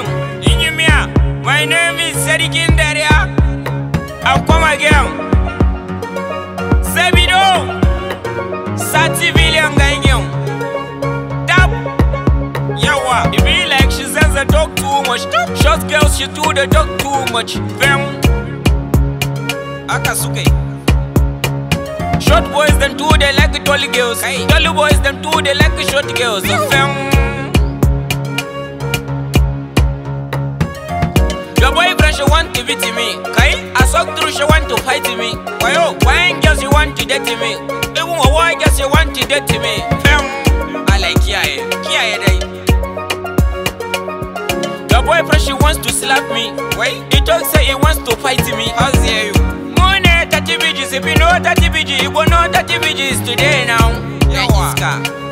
again, My name is Sadikin Daria. I'll come again. Sabido, Sati William Ganyan. Tap, Yawa. It be like she says I talk too much. Short girls, she do the talk too much. Them, Akasuke. Short boys, them two, they like the tall girls. Hey. Tall boys, them two, they like short girls. Fem. Your boyfriend she want to beat me Kai, I suck through she want to fight me Why oh, why girls you want to date me Even a why girls you want to date me Fem, I like kiaye, kiaye day Your boyfriend she wants to slap me Why? He talk say he wants to fight me How's dare you? Eh? Money 30 BGs, if you know 30 BGs You go know 30 BGs today now Yawa yeah,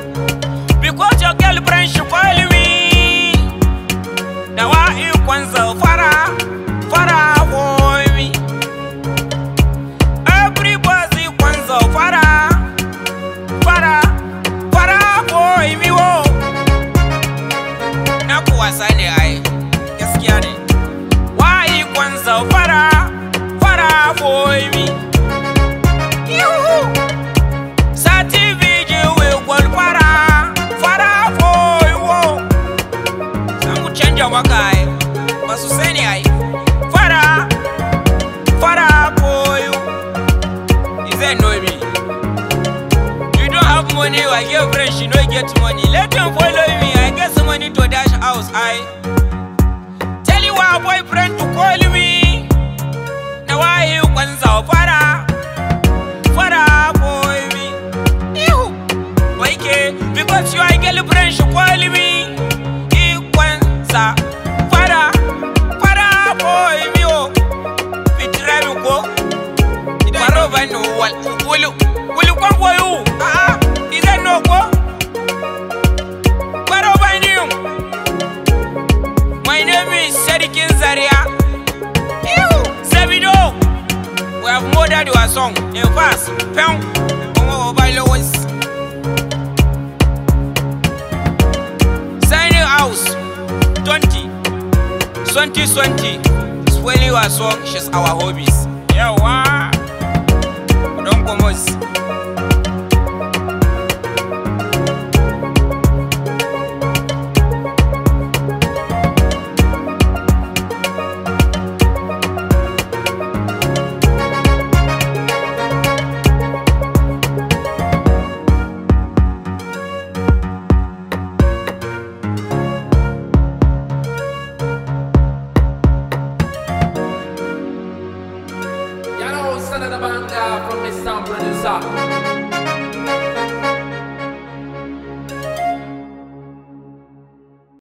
su sani ai fara fara boyu you dey know me you don have money your girlfriend she no get money let them follow me i get some money to dash house i tell you what, boyfriend to heard your song a verse pen kuma by Sign Signing house twenty, twenty, twenty. Swelling your song she's our hobbies 啊。